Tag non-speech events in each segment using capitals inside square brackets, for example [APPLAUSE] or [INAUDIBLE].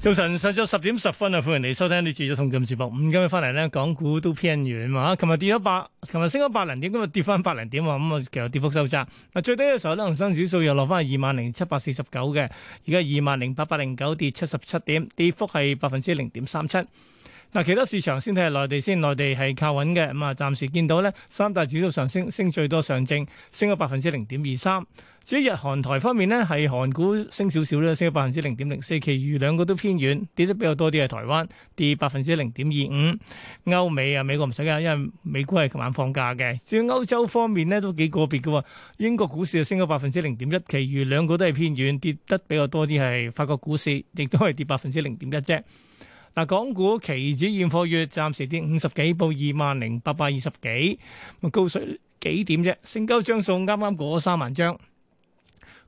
早晨，上晝十點十分啊，歡迎你收聽次呢次嘅《同健直播》節目。咁今日翻嚟咧，港股都偏軟啊。琴日跌咗百，琴日升咗百零點，今日跌翻百零點咁啊，其實跌幅收窄。嗱，最低嘅時候咧，恒生指數又落翻係二萬零七百四十九嘅，而家二萬零八百零九，跌七十七點，跌幅係百分之零點三七。嗱，其他市場先睇下內地先，內地係靠穩嘅。咁啊，暫時見到咧，三大指數上升，升最多上證，升咗百分之零點二三。至於日韓台方面咧，係韓股升少少咧，升咗百分之零點零四。其餘兩個都偏遠，跌得比較多啲係台灣，跌百分之零點二五。歐美啊，美國唔使㗎，因為美股係琴晚放假嘅。至於歐洲方面咧，都幾個別嘅，英國股市就升咗百分之零點一。其餘兩個都係偏遠，跌得比較多啲係法國股市，亦都係跌百分之零點一啫。嗱，港股期指現貨月暫時跌五十幾，報二萬零八百二十幾，高水幾點啫？成交張數啱啱過三萬張。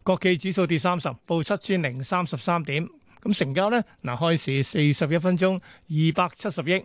國企指數跌三十，報七千零三十三點。咁成交咧，嗱，開市四十一分鐘二百七十億。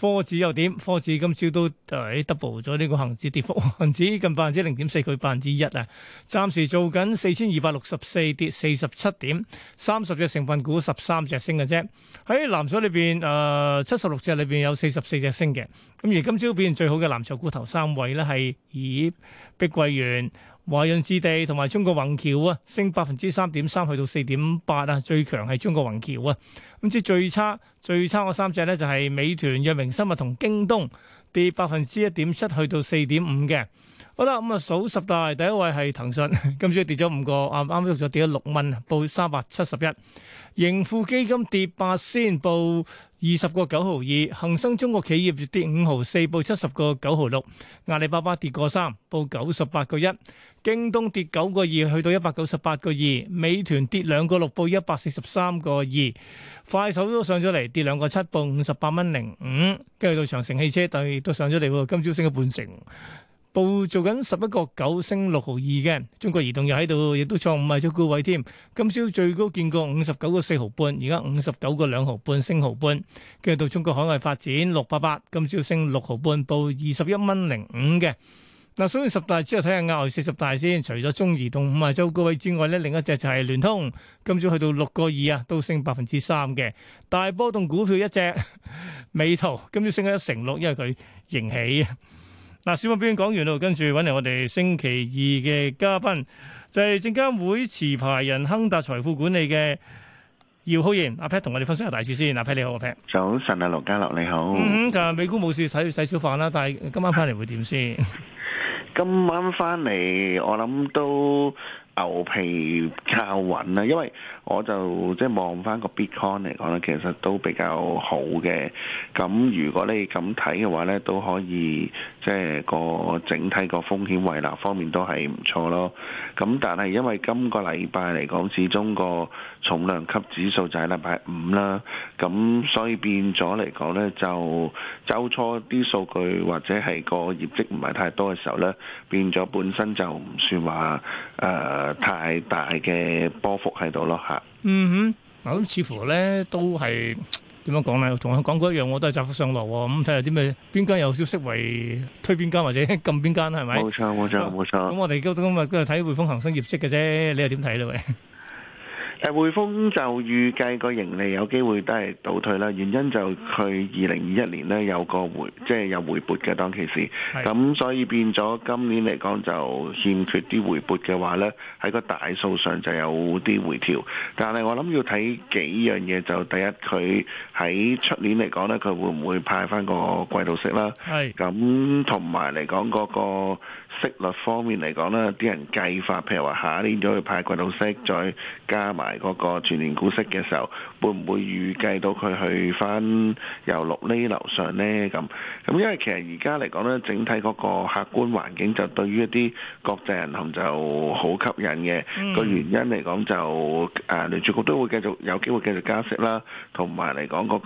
科指又點？科指今朝都喺、哎、double 咗呢個恒指跌幅，恒指近百分之零點四，佢百分之一啊。暫時做緊四千二百六十四，跌四十七點，三十隻成分股十三隻升嘅啫。喺藍籌裏邊，誒七十六隻裏邊有四十四隻升嘅。咁而今朝表現最好嘅藍籌股頭三位咧，係以碧桂園。華潤置地同埋中國宏橋啊，升百分之三點三，去到四點八啊，最強係中國宏橋啊。咁即係最差，最差嗰三隻咧就係美團、藥明生物同京東跌，跌百分之一點七，去到四點五嘅。好啦，咁啊，數十大第一位係騰訊，今朝跌咗五個，啱、啊、啱跌咗六蚊，報三百七十一。盈富基金跌八仙，報二十個九毫二。恒生中國企業跌五毫四，報七十個九毫六。阿里巴巴跌個三，報九十八個一。京東跌九個二，去到一百九十八個二。美團跌兩個六，報一百四十三個二。快手都上咗嚟，跌兩個七，報五十八蚊零五。跟住到長城汽車，但係都上咗嚟，今朝升咗半成。報做緊十一個九升六毫二嘅，中國移動又喺度，亦都創五廿周高位添。今朝最高見過五十九個四毫半，而家五十九個兩毫半，升毫半。跟住到中國海外發展六八八，今朝升六毫半，報二十一蚊零五嘅。嗱，所以十大之後睇下額外四十大先，除咗中移動五廿周高位之外咧，另一隻就係聯通，今朝去到六個二啊，都升百分之三嘅大波動股票一隻，美圖今朝升咗一成六，因為佢迎起啊。嗱，小、啊、文表演講完啦，跟住揾嚟，我哋星期二嘅嘉賓，就係證監會持牌人亨達財富管理嘅姚浩然阿、啊、Pat，同我哋分析下大市先。阿、啊、Pat 你好，阿、啊、Pat。早晨啊，盧家樂你好。嗯嗯，美股冇事，洗洗少飯啦。但係今晚翻嚟會點先？今晚翻嚟，我諗都。牛皮靠穩啦，因為我就即係、就、望、是、翻個 Bitcoin 嚟講咧，其實都比較好嘅。咁如果你咁睇嘅話咧，都可以即係、就是、個整體個風險維納方面都係唔錯咯。咁但係因為今個禮拜嚟講，始終個重量級指數就喺禮拜五啦，咁所以變咗嚟講咧，就週初啲數據或者係個業績唔係太多嘅時候咧，變咗本身就唔算話誒。呃太大嘅波幅喺度咯吓，嗯哼，嗱，似乎咧都係點樣講咧，同我講過一樣，我都係窄幅上落、啊，咁睇下啲咩邊間有消息為推邊間或者撳邊間係咪？冇錯，冇錯，冇錯。咁、哦、錯我哋今今日睇匯豐恒生業績嘅啫，你又點睇咧？誒匯豐就預計個盈利有機會都係倒退啦，原因就佢二零二一年呢有個回即係、就是、有回撥嘅當期時，咁是所以變咗今年嚟講就欠缺啲回撥嘅話呢，喺個大數上就有啲回調。但係我諗要睇幾樣嘢，就第一佢喺出年嚟講呢，佢會唔會派翻個季度息啦？咁同埋嚟講嗰個息率方面嚟講咧，啲人計劃譬如話下一年再去派季度息，再加埋，嗰個全年股息嘅時候，會唔會預計到佢去返由六釐樓上呢？咁咁，因為其實而家嚟講呢，整體嗰個客觀環境就對於一啲國際銀行就好吸引嘅個、mm hmm. 原因嚟講，就誒聯儲局都會繼續有機會繼續加息啦，同埋嚟講嗰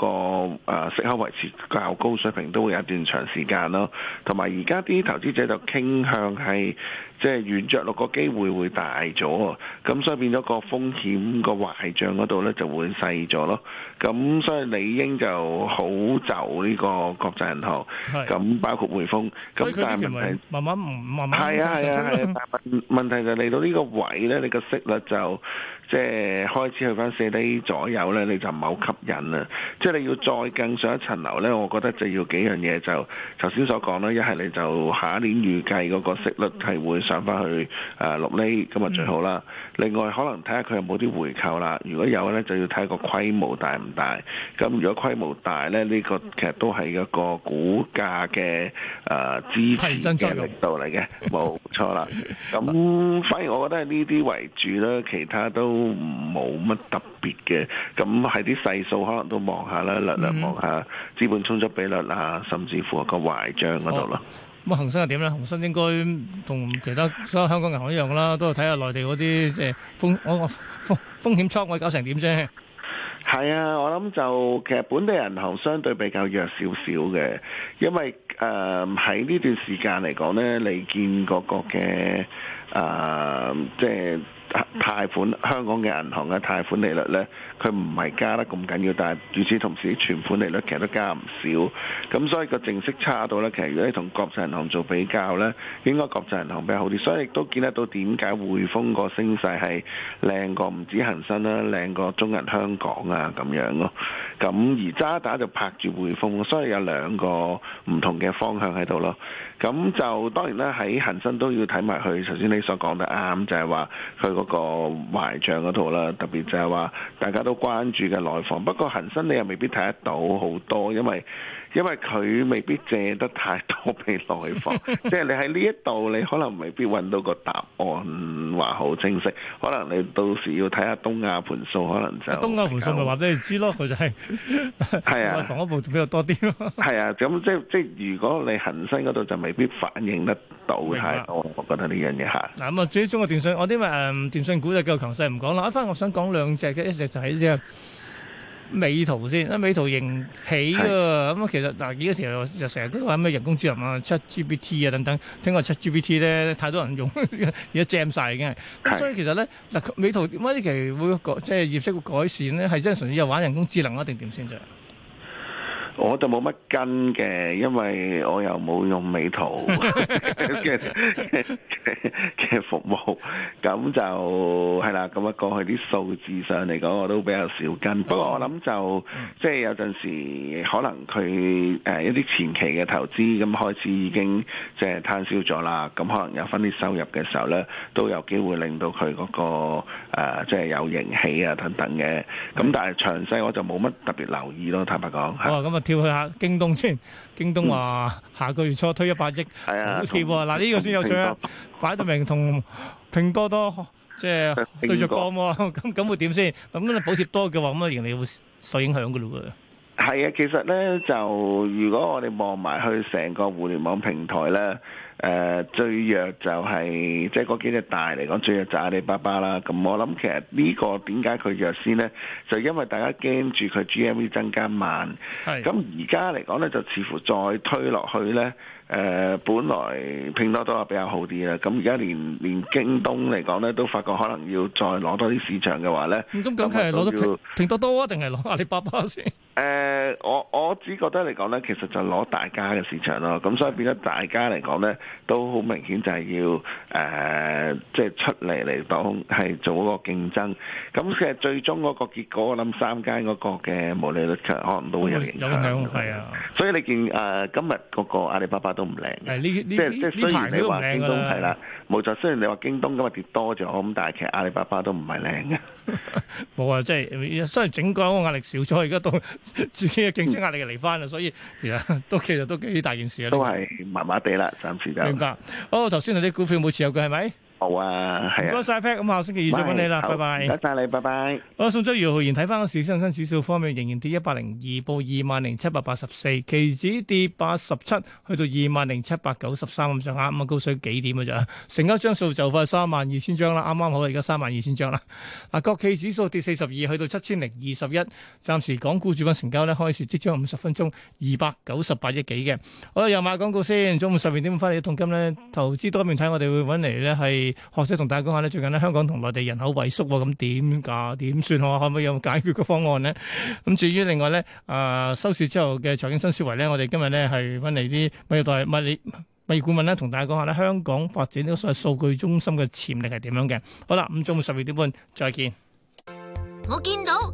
個誒息口維持較高水平都會有一段長時間咯，同埋而家啲投資者就傾向係。即係軟着落個機會會大咗，咁所以變咗個風險個壞賬嗰度咧就會細咗咯。咁所以理應就好就呢個國際銀行，咁是包括匯豐。咁但係問題慢慢慢慢。係啊係啊係啊！啊啊啊問題就嚟到呢個位咧，你個息率就即係開始去翻四厘左右咧，你就唔係好吸引啦。即係你要再更上一層樓咧，我覺得就要幾樣嘢就頭先所講啦。一係你就下一年預計嗰個息率係會上翻去誒六呢，咁啊最好啦。另外可能睇下佢有冇啲回購啦，如果有咧就要睇個規模大唔大。咁如果規模大咧，呢、這個其實都係一個股價嘅誒支持嘅力度嚟嘅，冇錯啦。咁 [LAUGHS] 反而我覺得係呢啲為主啦，其他都冇乜特別嘅。咁係啲細數可能都望下啦，略略望下資本充足比率啊，甚至乎個壞帳嗰度啦。哦。咁恒生又點咧？恒生應該同其他所有香港銀行一樣啦，都係睇下內地嗰啲即係風，哦、風風險倉我風風險倉位搞成點啫？係啊，我諗就其實本地銀行相對比較弱少少嘅，因為誒喺呢段時間嚟講呢，你見嗰個嘅誒即係。貸款香港嘅銀行嘅貸款利率呢，佢唔係加得咁緊要，但係與此同時，存款利率其實都加唔少，咁所以個淨息差度呢，其實如果你同國際銀行做比較呢，應該國際銀行比較好啲，所以亦都見得到點解匯豐個升勢係靚過唔止恒生啦，靚過中銀香港啊咁樣咯。咁而渣打就拍住匯豐，所以有兩個唔同嘅方向喺度咯。咁就當然啦，喺恒生都要睇埋佢。頭先你所講得啱，就係話佢個。個埋漲嗰套啦，特別就係話大家都關注嘅內房，不過恒生你又未必睇得到好多，因為。因為佢未必借得太多俾內房，即係 [LAUGHS] 你喺呢一度，你可能未必揾到個答案話好清晰，可能你到時要睇下東亞盤數，可能就係東亞盤數咪話俾你知咯，佢就係係啊， [LAUGHS] [LAUGHS] 房屋部比較多啲咯。係啊，咁、 [LAUGHS] 啊、即係即係如果你恆生嗰度就未必反應得到白太多，我覺得呢樣嘢嚇。嗱咁啊，至於中國電信，我啲誒、嗯、電信股就夠強勢，唔講啦。講翻，我想講兩隻嘅一,一隻就係呢隻。美圖先，因美圖型起嘅咁啊，是其實嗱，依家成日又成日都話咩人工智能啊，ChatGPT 啊等等，聽講 ChatGPT 咧太多人用，而家 jam 曬已經。咁是所以其實咧，嗱，美圖點解其會改即係業績會改善咧？係真係純粹又玩人工智能啊？定點先就？我就冇乜跟嘅，因為我又冇用美圖嘅嘅服務，咁就係啦。咁啊，過去啲數字上嚟講，我都比較少跟。不過我諗就即係有陣時，可能佢誒、呃、一啲前期嘅投資咁開始已經即係攤銷咗啦。咁可能有返啲收入嘅時候咧，都有機會令到佢嗰、嗰個、呃、即係有盈氣啊等等嘅。咁但係詳細我就冇乜特別留意咯，坦白講。哦，跳去下京東先，京東話、嗯、下個月初推一百億、哎、呀補貼喎，嗱呢同、啊呢個先有趣啊！擺到明同拼多多即係、就是、哥對着幹喎，咁 [LAUGHS] 咁會點先？咁你補貼多嘅話，咁盈利會受影響嘅嘞喎。係啊，其實咧就如果我哋望埋去成個互聯網平台咧，誒、呃、最弱就係、是、即係嗰幾隻大嚟講最弱就係阿里巴巴啦。咁我諗其實呢、這個點解佢弱先呢？就因為大家驚住佢 GMV 增加慢。係。咁而家嚟講呢，就似乎再推落去呢，誒、呃、本來拼多多係比較好啲啦。咁而家連連京東嚟講呢，都發覺可能要再攞多啲市場嘅話呢。咁梗係攞到拼多多啊，定係攞阿里巴巴先？誒，uh, 我我只覺得嚟講咧，其實就攞大家嘅市場咯，咁所以變咗大家嚟講咧，都好明顯就係要誒，即、uh, 係出嚟嚟講係做嗰個競爭。咁、嗯、其實最終嗰個結果，我諗三間嗰個嘅毛利率就可能都會有影響。有啊，所以你見誒、呃、今日嗰個阿里巴巴都唔靚嘅，即係即係雖然你話京東係啦，冇錯，雖然你話京東今日跌多咗，咁但係其實阿里巴巴都唔係靚嘅。冇啊， [LAUGHS] 即係雖然整個壓力少咗，而家都， [LAUGHS] 自己嘅競爭壓力又嚟翻啦，所以而家都其實都幾大件事啊，都係麻麻地啦，暫時就點解？哦，頭先你啲股票冇持有嘅係咪？是好、哦、啊，唔該曬 p 咁下星期二再揾你啦，好拜拜。唔該曬你，拜拜。好，姚浩然睇翻個市，恒生指數方面仍然跌一百零二，報二萬零七百八十四，期指跌八十七，去到二萬零七百九十三咁上下，咁啊高水幾點嘅咋？成交張數就快三萬二千張啦，啱啱好，而家三萬二千張啦。啊，國企指數跌四十二，去到七千零二十一。暫時港股主板成交咧，開始即將五十分鐘二百九十八億幾嘅。好，又買廣告先，中午十二點翻嚟一桶金咧，投資多面睇，我哋會揾嚟咧係。學者同大家講下咧，最近咧香港同內地人口萎縮，咁點噶？點算？可唔可以有解決嘅方案咧？咁至於另外咧，誒，收市之後嘅財經新思維咧，我哋今日咧係搵嚟啲物業代、物業物業顧問咧，同大家講下咧，香港發展呢個所謂數據中心嘅潛力係點樣嘅？好啦，咁中午十二點半再見。我見到。